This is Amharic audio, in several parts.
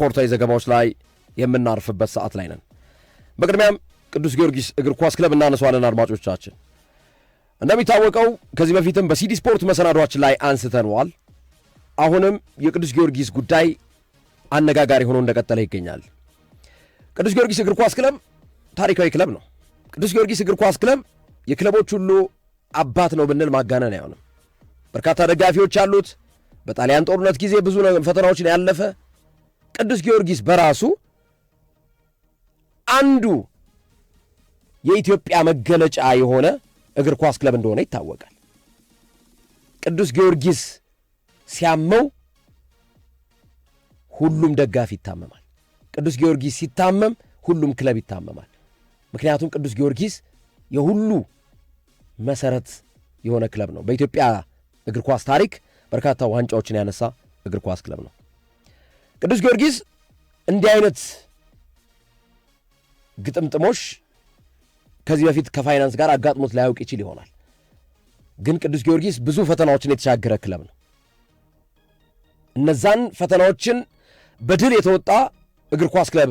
ስፖርታዊ ዘገባዎች ላይ የምናርፍበት ሰዓት ላይ ነን። በቅድሚያም ቅዱስ ጊዮርጊስ እግር ኳስ ክለብ እናነሷለን። አድማጮቻችን እንደሚታወቀው ከዚህ በፊትም በሲዲ ስፖርት መሰናዷችን ላይ አንስተነዋል። አሁንም የቅዱስ ጊዮርጊስ ጉዳይ አነጋጋሪ ሆኖ እንደቀጠለ ይገኛል። ቅዱስ ጊዮርጊስ እግር ኳስ ክለብ ታሪካዊ ክለብ ነው። ቅዱስ ጊዮርጊስ እግር ኳስ ክለብ የክለቦች ሁሉ አባት ነው ብንል ማጋነን አይሆንም። በርካታ ደጋፊዎች ያሉት በጣሊያን ጦርነት ጊዜ ብዙ ፈተናዎችን ያለፈ ቅዱስ ጊዮርጊስ በራሱ አንዱ የኢትዮጵያ መገለጫ የሆነ እግር ኳስ ክለብ እንደሆነ ይታወቃል። ቅዱስ ጊዮርጊስ ሲያመው ሁሉም ደጋፊ ይታመማል። ቅዱስ ጊዮርጊስ ሲታመም ሁሉም ክለብ ይታመማል። ምክንያቱም ቅዱስ ጊዮርጊስ የሁሉ መሰረት የሆነ ክለብ ነው። በኢትዮጵያ እግር ኳስ ታሪክ በርካታ ዋንጫዎችን ያነሳ እግር ኳስ ክለብ ነው። ቅዱስ ጊዮርጊስ እንዲህ አይነት ግጥምጥሞሽ ከዚህ በፊት ከፋይናንስ ጋር አጋጥሞት ላያውቅ ይችል ይሆናል። ግን ቅዱስ ጊዮርጊስ ብዙ ፈተናዎችን የተሻገረ ክለብ ነው። እነዛን ፈተናዎችን በድል የተወጣ እግር ኳስ ክለብ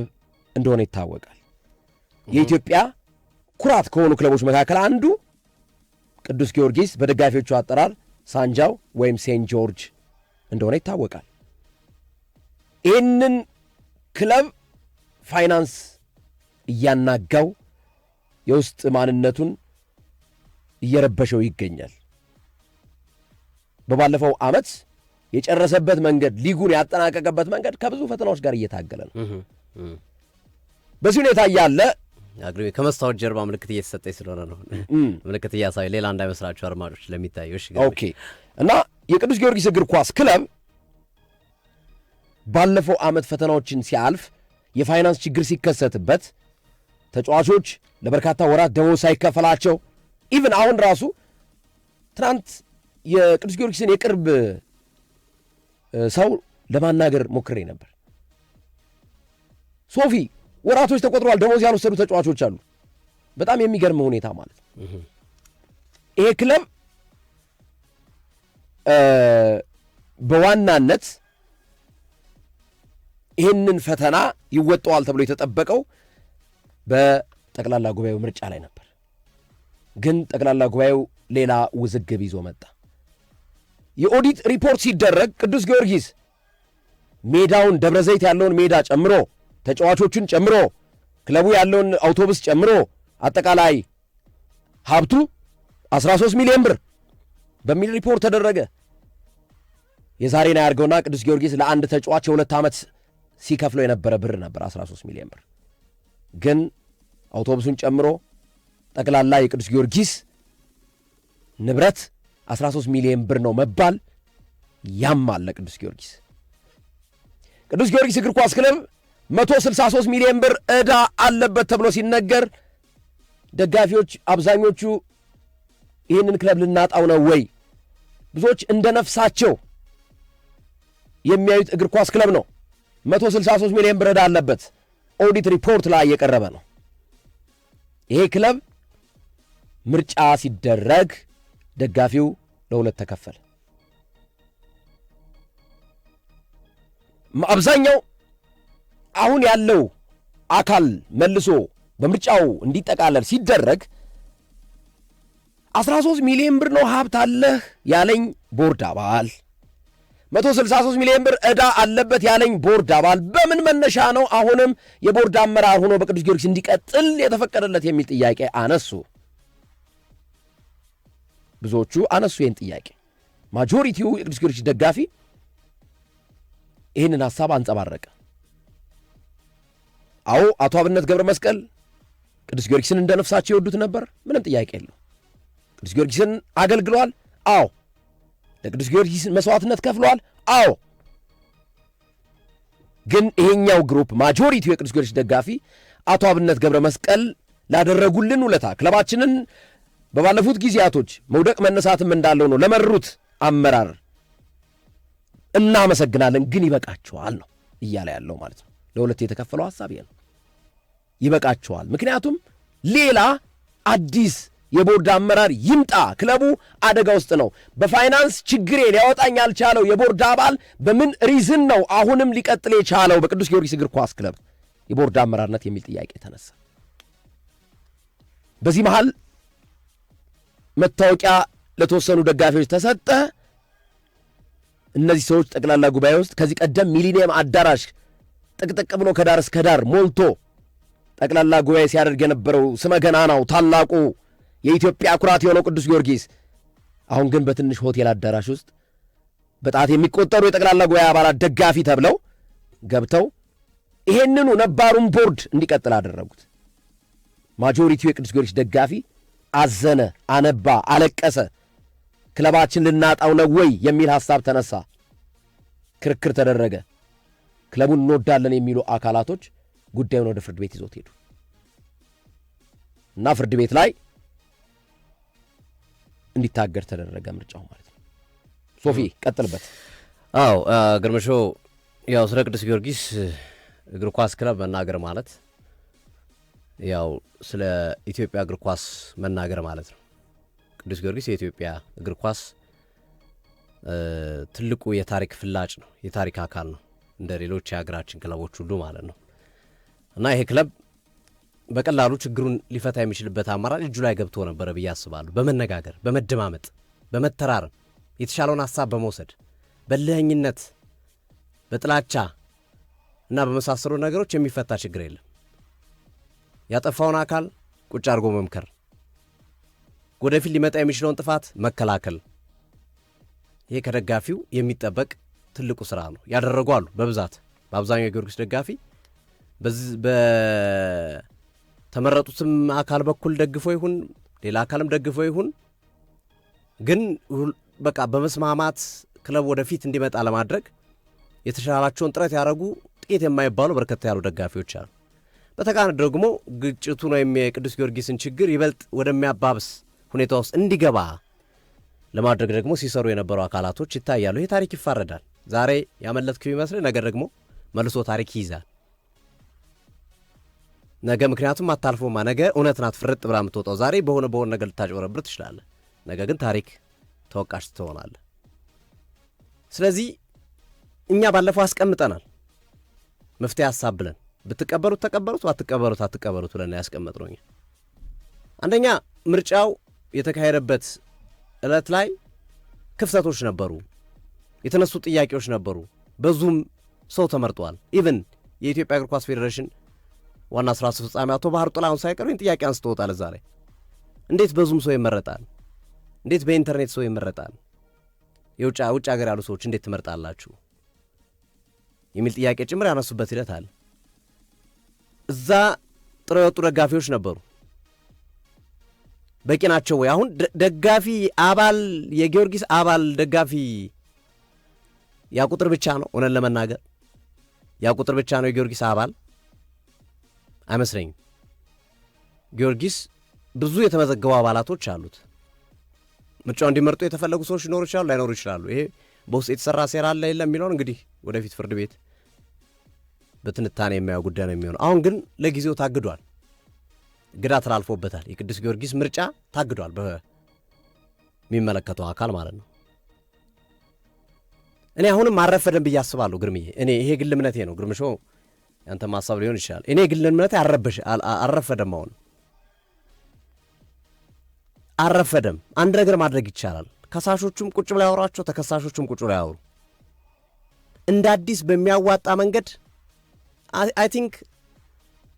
እንደሆነ ይታወቃል። የኢትዮጵያ ኩራት ከሆኑ ክለቦች መካከል አንዱ ቅዱስ ጊዮርጊስ በደጋፊዎቹ አጠራር ሳንጃው ወይም ሴንት ጆርጅ እንደሆነ ይታወቃል። ይህንን ክለብ ፋይናንስ እያናጋው የውስጥ ማንነቱን እየረበሸው ይገኛል። በባለፈው ዓመት የጨረሰበት መንገድ ሊጉን ያጠናቀቀበት መንገድ ከብዙ ፈተናዎች ጋር እየታገለ ነው። በዚህ ሁኔታ እያለ ከመስታወት ጀርባ ምልክት እየተሰጠኝ ስለሆነ ነው ምልክት እያሳዩ ሌላ እንዳይመስላችሁ አድማጮች ለሚታዩ እና የቅዱስ ጊዮርጊስ እግር ኳስ ክለብ ባለፈው ዓመት ፈተናዎችን ሲያልፍ የፋይናንስ ችግር ሲከሰትበት ተጫዋቾች ለበርካታ ወራት ደሞዝ ሳይከፈላቸው ኢቨን አሁን ራሱ ትናንት የቅዱስ ጊዮርጊስን የቅርብ ሰው ለማናገር ሞክሬ ነበር። ሶፊ ወራቶች ተቆጥረዋል፣ ደሞዝ ያልወሰዱ ተጫዋቾች አሉ። በጣም የሚገርም ሁኔታ ማለት ነው። ይሄ ክለብ በዋናነት ይህንን ፈተና ይወጠዋል ተብሎ የተጠበቀው በጠቅላላ ጉባኤው ምርጫ ላይ ነበር። ግን ጠቅላላ ጉባኤው ሌላ ውዝግብ ይዞ መጣ። የኦዲት ሪፖርት ሲደረግ ቅዱስ ጊዮርጊስ ሜዳውን ደብረ ዘይት ያለውን ሜዳ ጨምሮ ተጫዋቾቹን ጨምሮ ክለቡ ያለውን አውቶቡስ ጨምሮ አጠቃላይ ሀብቱ 13 ሚሊዮን ብር በሚል ሪፖርት ተደረገ። የዛሬን አያርገውና ቅዱስ ጊዮርጊስ ለአንድ ተጫዋች የሁለት ዓመት ሲከፍለው የነበረ ብር ነበር 13 ሚሊዮን ብር። ግን አውቶቡሱን ጨምሮ ጠቅላላ የቅዱስ ጊዮርጊስ ንብረት 13 ሚሊዮን ብር ነው መባል ያም አለ። ቅዱስ ጊዮርጊስ ቅዱስ ጊዮርጊስ እግር ኳስ ክለብ 163 ሚሊዮን ብር ዕዳ አለበት ተብሎ ሲነገር ደጋፊዎች አብዛኞቹ ይህንን ክለብ ልናጣው ነው ወይ? ብዙዎች እንደ ነፍሳቸው የሚያዩት እግር ኳስ ክለብ ነው። 163 ሚሊዮን ብር ዕዳ አለበት። ኦዲት ሪፖርት ላይ እየቀረበ ነው። ይሄ ክለብ ምርጫ ሲደረግ ደጋፊው ለሁለት ተከፈለ። አብዛኛው አሁን ያለው አካል መልሶ በምርጫው እንዲጠቃለል ሲደረግ 13 ሚሊዮን ብር ነው ሀብት አለህ ያለኝ ቦርድ አባል 163 ሚሊዮን ብር ዕዳ አለበት ያለኝ ቦርድ አባል በምን መነሻ ነው አሁንም የቦርድ አመራር ሆኖ በቅዱስ ጊዮርጊስ እንዲቀጥል የተፈቀደለት የሚል ጥያቄ አነሱ። ብዙዎቹ አነሱ ይህን ጥያቄ። ማጆሪቲው የቅዱስ ጊዮርጊስ ደጋፊ ይህንን ሐሳብ አንጸባረቀ። አዎ አቶ አብነት ገብረ መስቀል ቅዱስ ጊዮርጊስን እንደ ነፍሳቸው የወዱት ነበር። ምንም ጥያቄ የለው። ቅዱስ ጊዮርጊስን አገልግሏል። አዎ ለቅዱስ ጊዮርጊስ መስዋዕትነት ከፍሏል። አዎ ግን ይሄኛው ግሩፕ ማጆሪቲው የቅዱስ ጊዮርጊስ ደጋፊ አቶ አብነት ገብረ መስቀል ላደረጉልን ውለታ ክለባችንን በባለፉት ጊዜያቶች መውደቅ መነሳትም እንዳለው ነው ለመሩት አመራር እናመሰግናለን። ግን ይበቃችኋል ነው እያለ ያለው ማለት ነው። ለሁለት የተከፈለው ሀሳብ ይሄ ነው። ይበቃችኋል። ምክንያቱም ሌላ አዲስ የቦርድ አመራር ይምጣ። ክለቡ አደጋ ውስጥ ነው። በፋይናንስ ችግሬ ሊያወጣኝ ያልቻለው የቦርድ አባል በምን ሪዝን ነው አሁንም ሊቀጥል የቻለው በቅዱስ ጊዮርጊስ እግር ኳስ ክለብ የቦርድ አመራርነት የሚል ጥያቄ ተነሳ። በዚህ መሃል መታወቂያ ለተወሰኑ ደጋፊዎች ተሰጠ። እነዚህ ሰዎች ጠቅላላ ጉባኤ ውስጥ ከዚህ ቀደም ሚሊኒየም አዳራሽ ጥቅጥቅ ብሎ ከዳር እስከ ዳር ሞልቶ ጠቅላላ ጉባኤ ሲያደርግ የነበረው ስመ ገናናው ታላቁ የኢትዮጵያ ኩራት የሆነው ቅዱስ ጊዮርጊስ አሁን ግን በትንሽ ሆቴል አዳራሽ ውስጥ በጣት የሚቆጠሩ የጠቅላላ ጉባኤ አባላት ደጋፊ ተብለው ገብተው ይሄንኑ ነባሩን ቦርድ እንዲቀጥል አደረጉት። ማጆሪቲው የቅዱስ ጊዮርጊስ ደጋፊ አዘነ፣ አነባ፣ አለቀሰ። ክለባችን ልናጣው ነው ወይ የሚል ሐሳብ ተነሳ። ክርክር ተደረገ። ክለቡን እንወዳለን የሚሉ አካላቶች ጉዳዩን ወደ ፍርድ ቤት ይዞት ሄዱ እና ፍርድ ቤት ላይ እንዲታገድ ተደረገ ምርጫው ማለት ነው። ሶፊ ቀጥልበት። አዎ ግርምሾ፣ ያው ስለ ቅዱስ ጊዮርጊስ እግር ኳስ ክለብ መናገር ማለት ያው ስለ ኢትዮጵያ እግር ኳስ መናገር ማለት ነው። ቅዱስ ጊዮርጊስ የኢትዮጵያ እግር ኳስ ትልቁ የታሪክ ፍላጭ ነው፣ የታሪክ አካል ነው እንደ ሌሎች የሀገራችን ክለቦች ሁሉ ማለት ነው እና ይሄ ክለብ በቀላሉ ችግሩን ሊፈታ የሚችልበት አማራጭ እጁ ላይ ገብቶ ነበረ ብዬ አስባለሁ። በመነጋገር በመደማመጥ በመተራረም የተሻለውን ሀሳብ በመውሰድ በልህኝነት በጥላቻ እና በመሳሰሉ ነገሮች የሚፈታ ችግር የለም። ያጠፋውን አካል ቁጭ አድርጎ መምከር፣ ወደፊት ሊመጣ የሚችለውን ጥፋት መከላከል፣ ይሄ ከደጋፊው የሚጠበቅ ትልቁ ስራ ነው። ያደረጉ አሉ በብዛት በአብዛኛው የጊዮርጊስ ደጋፊ ተመረጡትም አካል በኩል ደግፎ ይሁን ሌላ አካልም ደግፎ ይሁን ግን በቃ በመስማማት ክለብ ወደፊት እንዲመጣ ለማድረግ የተሻላቸውን ጥረት ያደረጉ ጥቂት የማይባሉ በርከታ ያሉ ደጋፊዎች አሉ። በተቃን ደግሞ ግጭቱን ወይም የቅዱስ ጊዮርጊስን ችግር ይበልጥ ወደሚያባብስ ሁኔታ ውስጥ እንዲገባ ለማድረግ ደግሞ ሲሰሩ የነበሩ አካላቶች ይታያሉ። ይህ ታሪክ ይፋረዳል። ዛሬ ያመለጥክ ቢመስል ነገር ደግሞ መልሶ ታሪክ ይይዛል። ነገ ምክንያቱም አታልፎማ ነገ እውነት ናት ፍርጥ ብላ የምትወጣው ዛሬ በሆነ በሆነ ነገር ልታጭበረብር ትችላለ ነገ ግን ታሪክ ተወቃሽ ትሆናለ። ስለዚህ እኛ ባለፈው አስቀምጠናል መፍትሄ ሀሳብ ብለን ብትቀበሉት ተቀበሉት፣ ባትቀበሉት አትቀበሉት ብለን ያስቀመጥነው ነው አንደኛ ምርጫው የተካሄደበት ዕለት ላይ ክፍተቶች ነበሩ፣ የተነሱ ጥያቄዎች ነበሩ። በዙም ሰው ተመርጧል። ኢቨን የኢትዮጵያ እግር ኳስ ፌዴሬሽን ዋና ስራ አስፈጻሚ አቶ ባህር ጥላሁን ሳይቀር ይህን ጥያቄ አንስተውታል እዛ ላይ። እንዴት በዙም ሰው ይመረጣል? እንዴት በኢንተርኔት ሰው ይመረጣል? የውጭ ውጭ ሀገር ያሉ ሰዎች እንዴት ትመርጣላችሁ? የሚል ጥያቄ ጭምር ያነሱበት ሂደት አለ። እዛ ጥረው የወጡ ደጋፊዎች ነበሩ። በቂ ናቸው ወይ? አሁን ደጋፊ አባል የጊዮርጊስ አባል ደጋፊ ያ ቁጥር ብቻ ነው። እውነን ለመናገር ያ ቁጥር ብቻ ነው የጊዮርጊስ አባል አይመስለኝም። ጊዮርጊስ ብዙ የተመዘገቡ አባላቶች አሉት። ምርጫው እንዲመርጡ የተፈለጉ ሰዎች ሊኖሩ ይችላሉ፣ ላይኖሩ ይችላሉ። ይሄ በውስጥ የተሰራ ሴራ አለ የለም የሚለውን እንግዲህ ወደፊት ፍርድ ቤት በትንታኔ የማየው ጉዳይ ነው የሚሆነው። አሁን ግን ለጊዜው ታግዷል፣ እገዳ ተላልፎበታል። የቅዱስ ጊዮርጊስ ምርጫ ታግዷል በሚመለከተው አካል ማለት ነው። እኔ አሁንም አረፈደን ብዬ አስባለሁ ግርምዬ። እኔ ይሄ ግል እምነቴ ነው ግርምሾ ያንተም ማሳብ ሊሆን ይችላል። እኔ ግልን ምነት አረበሽ አልረፈደም። አሁን አልረፈደም። አንድ ነገር ማድረግ ይቻላል። ከሳሾቹም ቁጭ ብላ ያወሯቸው፣ ተከሳሾቹም ቁጭ ብላ ያወሩ። እንደ አዲስ በሚያዋጣ መንገድ አይ ቲንክ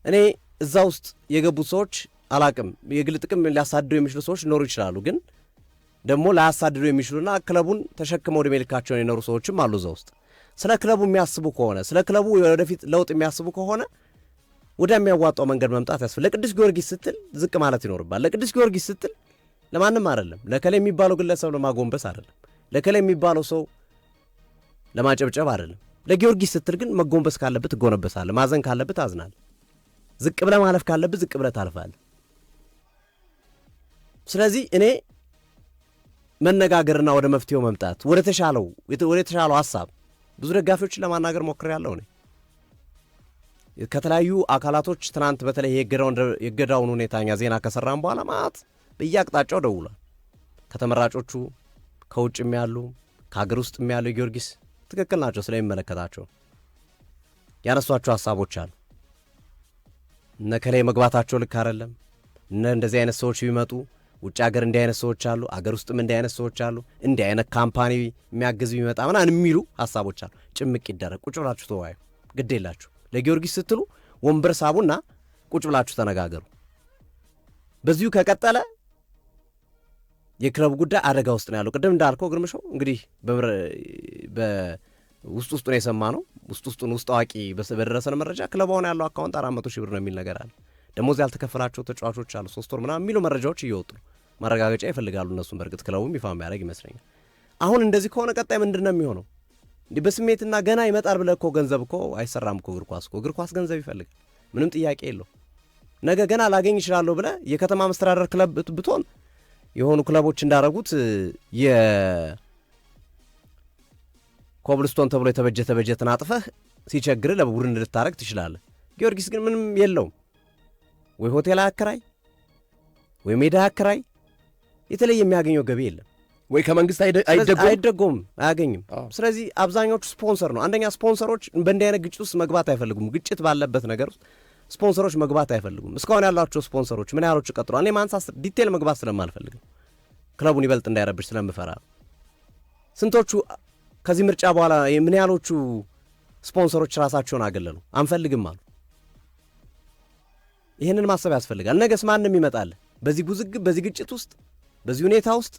እኔ እዛ ውስጥ የገቡት ሰዎች አላቅም፣ የግል ጥቅም ሊያሳድዱ የሚችሉ ሰዎች ሊኖሩ ይችላሉ። ግን ደግሞ ላያሳድዱ የሚችሉና ክለቡን ተሸክመው ዕድሜ ልካቸውን የኖሩ ሰዎችም አሉ እዛ ውስጥ ስለ ክለቡ የሚያስቡ ከሆነ ስለ ክለቡ ወደፊት ለውጥ የሚያስቡ ከሆነ ወደሚያዋጣው መንገድ መምጣት ያስፈል ለቅዱስ ጊዮርጊስ ስትል ዝቅ ማለት ይኖርባል። ለቅዱስ ጊዮርጊስ ስትል ለማንም አይደለም። ለከላ የሚባለው ግለሰብ ለማጎንበስ አይደለም። ለከላ የሚባለው ሰው ለማጨብጨብ አይደለም። ለጊዮርጊስ ስትል ግን መጎንበስ ካለበት ትጎነበሳለህ፣ ማዘን ካለበት አዝናል። ዝቅ ብለህ ማለፍ ካለበት ዝቅ ብለህ ታልፋለህ። ስለዚህ እኔ መነጋገርና ወደ መፍትሄው መምጣት ወደ ተሻለው ሀሳብ ብዙ ደጋፊዎችን ለማናገር ሞክሬያለሁ። እኔ ከተለያዩ አካላቶች ትናንት በተለይ የገዳውን ሁኔታኛ ዜና ከሰራን በኋላ ማት በየአቅጣጫው ደውሏል። ከተመራጮቹ ከውጭም ያሉ ከሀገር ውስጥ የሚያሉ ጊዮርጊስ ትክክል ናቸው ስለሚመለከታቸው ያነሷቸው ሀሳቦች አሉ። እነ ከላይ መግባታቸው ልክ አይደለም፣ እነ እንደዚህ አይነት ሰዎች ቢመጡ ውጭ ሀገር እንዲህ አይነት ሰዎች አሉ፣ አገር ውስጥም እንዲህ አይነት ሰዎች አሉ፣ እንዲህ አይነት ካምፓኒ የሚያግዝ ቢመጣ ምናምን የሚሉ ሀሳቦች አሉ። ጭምቅ ይደረግ። ቁጭ ብላችሁ ተወያዩ፣ ግድ የላችሁ። ለጊዮርጊስ ስትሉ ወንበር ሳቡና ቁጭ ብላችሁ ተነጋገሩ። በዚሁ ከቀጠለ የክለቡ ጉዳይ አደጋ ውስጥ ነው ያለው። ቅድም እንዳልከው ግርምሾ እንግዲህ በውስጥ ውስጡን የሰማ ነው ውስጥ ውስጡን ውስጥ አዋቂ በደረሰን መረጃ ክለቡ አሁን ያለው አካውንት አራት መቶ ሺህ ብር ነው የሚል ነገር አለ። ደሞዝ ያልተከፈላቸው ተጫዋቾች አሉ ሶስት ወር ምናምን የሚሉ መረጃዎች እየወጡ ነው። ማረጋገጫ ይፈልጋሉ እነሱን በእርግጥ ክለቡም ይፋ የሚያደርግ ይመስለኛል። አሁን እንደዚህ ከሆነ ቀጣይ ምንድን ነው የሚሆነው? እንዲህ በስሜትና ገና ይመጣል ብለህ እኮ ገንዘብ እኮ አይሰራም እኮ እግር ኳስ እኮ እግር ኳስ ገንዘብ ይፈልጋል። ምንም ጥያቄ የለው። ነገ ገና ላገኝ ይችላለሁ ብለህ የከተማ መስተዳደር ክለብ ብትሆን የሆኑ ክለቦች እንዳረጉት የኮብልስቶን ተብሎ የተበጀተ በጀትን አጥፈህ ሲቸግርህ ለቡድን ልታረግ ትችላለህ። ጊዮርጊስ ግን ምንም የለውም። ወይ ሆቴል አከራይ፣ ወይ ሜዳ አከራይ፣ የተለየ የሚያገኘው ገቢ የለም ወይ ከመንግስት አይደጎም አያገኝም። ስለዚህ አብዛኛዎቹ ስፖንሰር ነው። አንደኛ ስፖንሰሮች በእንዲህ አይነት ግጭት ውስጥ መግባት አይፈልጉም። ግጭት ባለበት ነገር ውስጥ ስፖንሰሮች መግባት አይፈልጉም። እስካሁን ያሏቸው ስፖንሰሮች ምን ያህሎቹ ቀጥሏል? እኔ ማንሳ ዲቴል መግባት ስለማልፈልግም ክለቡን ይበልጥ እንዳይረብሽ ስለምፈራ ስንቶቹ ከዚህ ምርጫ በኋላ ምን ያህሎቹ ስፖንሰሮች ራሳቸውን አገለሉ፣ አንፈልግም አሉ። ይህንን ማሰብ ያስፈልጋል። ነገስ ማንም ይመጣል በዚህ ውዝግብ በዚህ ግጭት ውስጥ በዚህ ሁኔታ ውስጥ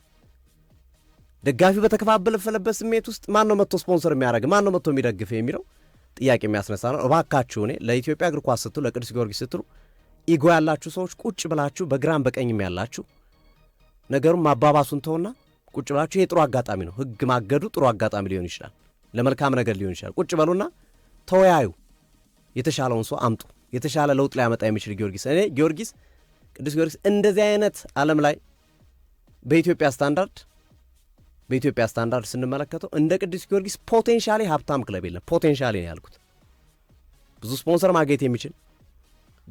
ደጋፊው በተከፋበለፈለበት ስሜት ውስጥ ማን ነው መጥቶ ስፖንሰር የሚያደርግ ማን ነው መጥቶ የሚደግፍ የሚለው ጥያቄ የሚያስነሳ ነው። እባካችሁ እኔ ለኢትዮጵያ እግር ኳስ ስትሉ ለቅዱስ ጊዮርጊስ ስትሉ ኢጎ ያላችሁ ሰዎች ቁጭ ብላችሁ በግራም በቀኝም ያላችሁ ነገሩን ማባባሱን ተውና ቁጭ ብላችሁ ይሄ ጥሩ አጋጣሚ ነው። ህግ ማገዱ ጥሩ አጋጣሚ ሊሆን ይችላል፣ ለመልካም ነገር ሊሆን ይችላል። ቁጭ በሉና ተወያዩ። የተሻለውን ሰው አምጡ። የተሻለ ለውጥ ሊያመጣ የሚችል ጊዮርጊስ እኔ ጊዮርጊስ ቅዱስ ጊዮርጊስ እንደዚህ አይነት አለም ላይ በኢትዮጵያ ስታንዳርድ በኢትዮጵያ ስታንዳርድ ስንመለከተው እንደ ቅዱስ ጊዮርጊስ ፖቴንሻሊ ሀብታም ክለብ የለም። ፖቴንሻሌ ነው ያልኩት። ብዙ ስፖንሰር ማግኘት የሚችል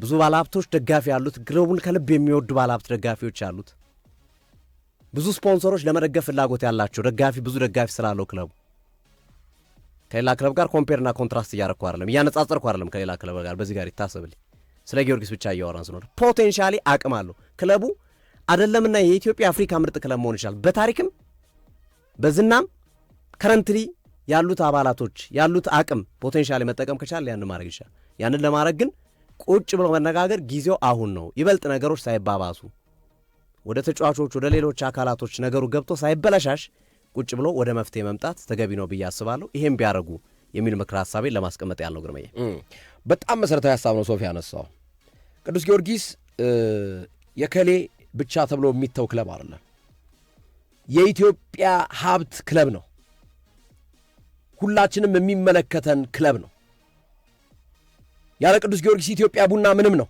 ብዙ ባለሀብቶች ደጋፊ ያሉት ክለቡን ከልብ የሚወዱ ባለሀብት ደጋፊዎች ያሉት ብዙ ስፖንሰሮች ለመደገፍ ፍላጎት ያላቸው ደጋፊ ብዙ ደጋፊ ስላለው ክለቡ ከሌላ ክለብ ጋር ኮምፔርና ኮንትራስት እያረግኩ አይደለም፣ እያነጻጸርኩ አይደለም ከሌላ ክለብ ጋር። በዚህ ጋር ይታሰብልኝ። ስለ ጊዮርጊስ ብቻ እያወራን ስኖር ፖቴንሻሊ አቅም አለው ክለቡ አይደለምና የኢትዮጵያ አፍሪካ ምርጥ ክለብ መሆን ይችላል። በታሪክም በዝናም ከረንትሪ ያሉት አባላቶች ያሉት አቅም ፖቴንሻል መጠቀም ከቻል ያን ማድረግ ይችላል። ያንን ለማድረግ ግን ቁጭ ብሎ መነጋገር ጊዜው አሁን ነው። ይበልጥ ነገሮች ሳይባባሱ ወደ ተጫዋቾች ወደ ሌሎች አካላቶች ነገሩ ገብቶ ሳይበለሻሽ ቁጭ ብሎ ወደ መፍትሄ መምጣት ተገቢ ነው ብዬ አስባለሁ። ይሄም ቢያደርጉ የሚል ምክር ሀሳቤን ለማስቀመጥ ያለው ግርመዬ፣ በጣም መሰረታዊ ሀሳብ ነው ሶፊ ያነሳው። ቅዱስ ጊዮርጊስ የከሌ ብቻ ተብሎ የሚተው ክለብ አይደለም። የኢትዮጵያ ሀብት ክለብ ነው። ሁላችንም የሚመለከተን ክለብ ነው። ያለ ቅዱስ ጊዮርጊስ ኢትዮጵያ ቡና ምንም ነው።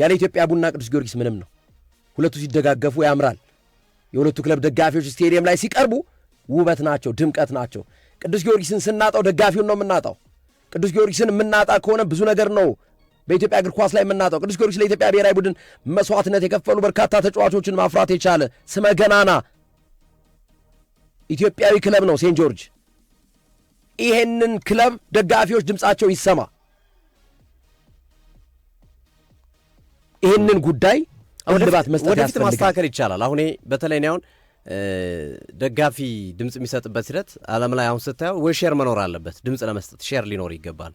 ያለ ኢትዮጵያ ቡና ቅዱስ ጊዮርጊስ ምንም ነው። ሁለቱ ሲደጋገፉ ያምራል። የሁለቱ ክለብ ደጋፊዎች ስቴዲየም ላይ ሲቀርቡ ውበት ናቸው፣ ድምቀት ናቸው። ቅዱስ ጊዮርጊስን ስናጣው ደጋፊውን ነው የምናጣው። ቅዱስ ጊዮርጊስን የምናጣ ከሆነ ብዙ ነገር ነው በኢትዮጵያ እግር ኳስ ላይ የምናጠው ቅዱስ ጊዮርጊስ ለኢትዮጵያ ብሔራዊ ቡድን መስዋዕትነት የከፈሉ በርካታ ተጫዋቾችን ማፍራት የቻለ ስመ ገናና ኢትዮጵያዊ ክለብ ነው ሴንት ጆርጅ። ይሄንን ክለብ ደጋፊዎች ድምፃቸው ይሰማ። ይሄንን ጉዳይ እልባት መስጠት ወደፊት ማስተካከል ይቻላል። አሁን በተለይ እኔ ደጋፊ ድምፅ የሚሰጥበት ሂደት ዓለም ላይ አሁን ስታየው ወይ ሼር መኖር አለበት ድምፅ ለመስጠት ሼር ሊኖር ይገባል።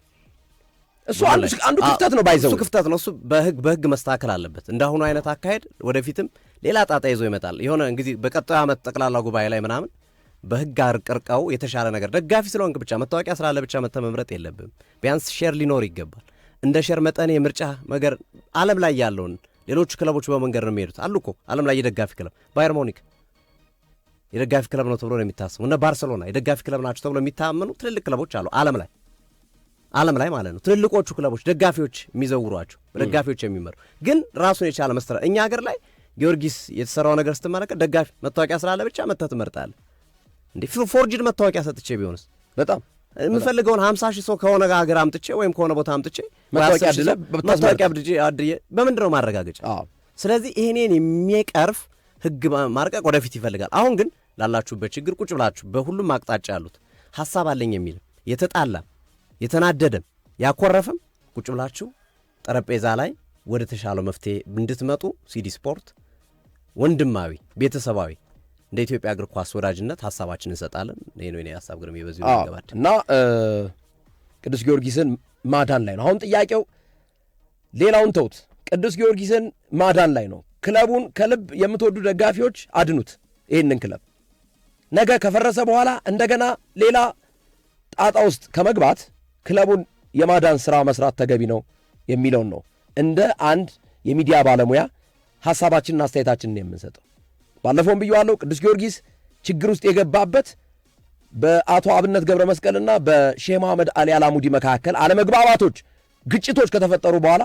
እሱ አንዱ ክፍተት ነው ባይዘው እሱ ክፍተት ነው። እሱ በህግ በህግ መስተካከል አለበት። እንዳሁኑ አይነት አካሄድ ወደፊትም ሌላ ጣጣ ይዞ ይመጣል። የሆነ እንግዲህ በቀጣዩ ዓመት ጠቅላላ ጉባኤ ላይ ምናምን በህግ አርቅርቀው የተሻለ ነገር ደጋፊ ስለሆንክ ብቻ መታወቂያ ስላለ ብቻ መተ መምረጥ የለብም። ቢያንስ ሼር ሊኖር ይገባል። እንደ ሼር መጠን የምርጫ ነገር ዓለም ላይ ያለውን ሌሎቹ ክለቦች በመንገድ ነው የሚሄዱት አሉ እኮ ዓለም ላይ የደጋፊ ክለብ ባየር ሞኒክ የደጋፊ ክለብ ነው ተብሎ ነው የሚታሰቡ እነ ባርሰሎና የደጋፊ ክለብ ናቸው ተብሎ የሚታመኑ ትልልቅ ክለቦች አሉ ዓለም ላይ ዓለም ላይ ማለት ነው ትልልቆቹ ክለቦች ደጋፊዎች የሚዘውሯቸው ደጋፊዎች የሚመሩ ግን ራሱን የቻለ መስተራ እኛ ሀገር ላይ ጊዮርጊስ የተሰራው ነገር ስትመለከት ደጋፊ መታወቂያ ስላለ ብቻ መተህ ትመርጣለህ እንዴ ፎርጅድ መታወቂያ ሰጥቼ ቢሆንስ በጣም የምፈልገውን ሀምሳ ሺህ ሰው ከሆነ ሀገር አምጥቼ ወይም ከሆነ ቦታ አምጥቼ መታወቂያ ብድጄ አድዬ በምንድን ነው ማረጋገጫ ስለዚህ ይህኔን የሚቀርፍ ህግ ማርቀቅ ወደፊት ይፈልጋል አሁን ግን ላላችሁበት ችግር ቁጭ ብላችሁ በሁሉም አቅጣጫ ያሉት ሀሳብ አለኝ የሚልም የተጣላም የተናደደም ያኮረፈም ቁጭ ብላችሁ ጠረጴዛ ላይ ወደ ተሻለው መፍትሄ እንድትመጡ ሲዲ ስፖርት ወንድማዊ፣ ቤተሰባዊ እንደ ኢትዮጵያ እግር ኳስ ወዳጅነት ሀሳባችን እንሰጣለን። ይህ ሀሳብ ግርም የበዚ ይገባል እና ቅዱስ ጊዮርጊስን ማዳን ላይ ነው አሁን ጥያቄው። ሌላውን ተውት፣ ቅዱስ ጊዮርጊስን ማዳን ላይ ነው። ክለቡን ከልብ የምትወዱ ደጋፊዎች አድኑት። ይህንን ክለብ ነገ ከፈረሰ በኋላ እንደገና ሌላ ጣጣ ውስጥ ከመግባት ክለቡን የማዳን ስራ መስራት ተገቢ ነው የሚለውን ነው እንደ አንድ የሚዲያ ባለሙያ ሀሳባችንን አስተያየታችንን የምንሰጠው። ባለፈውም ብየዋለው ቅዱስ ጊዮርጊስ ችግር ውስጥ የገባበት በአቶ አብነት ገብረ መስቀልና በሼህ መሐመድ አሊ አላሙዲ መካከል አለመግባባቶች፣ ግጭቶች ከተፈጠሩ በኋላ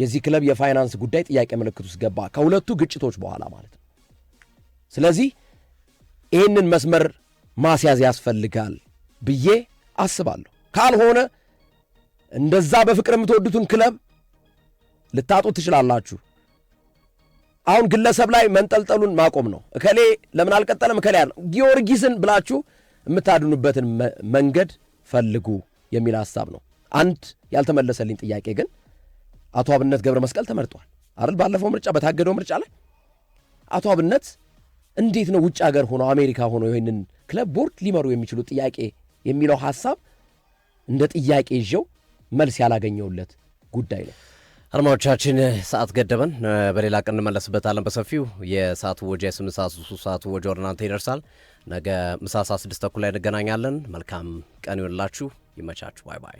የዚህ ክለብ የፋይናንስ ጉዳይ ጥያቄ ምልክት ውስጥ ገባ። ከሁለቱ ግጭቶች በኋላ ማለት ነው። ስለዚህ ይህንን መስመር ማስያዝ ያስፈልጋል ብዬ አስባለሁ። ካልሆነ እንደዛ በፍቅር የምትወዱትን ክለብ ልታጡት ትችላላችሁ። አሁን ግለሰብ ላይ መንጠልጠሉን ማቆም ነው። እከሌ ለምን አልቀጠለም፣ እከሌ ያለ ጊዮርጊስን ብላችሁ የምታድኑበትን መንገድ ፈልጉ የሚል ሀሳብ ነው። አንድ ያልተመለሰልኝ ጥያቄ ግን አቶ አብነት ገብረ መስቀል ተመርጧል አይደል? ባለፈው ምርጫ በታገደው ምርጫ ላይ አቶ አብነት እንዴት ነው ውጭ ሀገር ሆኖ አሜሪካ ሆኖ ይህንን ክለብ ቦርድ ሊመሩ የሚችሉ ጥያቄ የሚለው ሀሳብ እንደ ጥያቄ ይዤው መልስ ያላገኘውለት ጉዳይ ነው። አድማጮቻችን ሰዓት ገደበን፣ በሌላ ቀን እንመለስበታለን በሰፊው። የሰዓቱ ወጃ የስምንት ሰዓት ሰዓቱ ወጃ ወደ እናንተ ይደርሳል። ነገ ምሳ ስድስት ተኩል ላይ እንገናኛለን። መልካም ቀን ይሆንላችሁ። ይመቻችሁ። ባይ ባይ።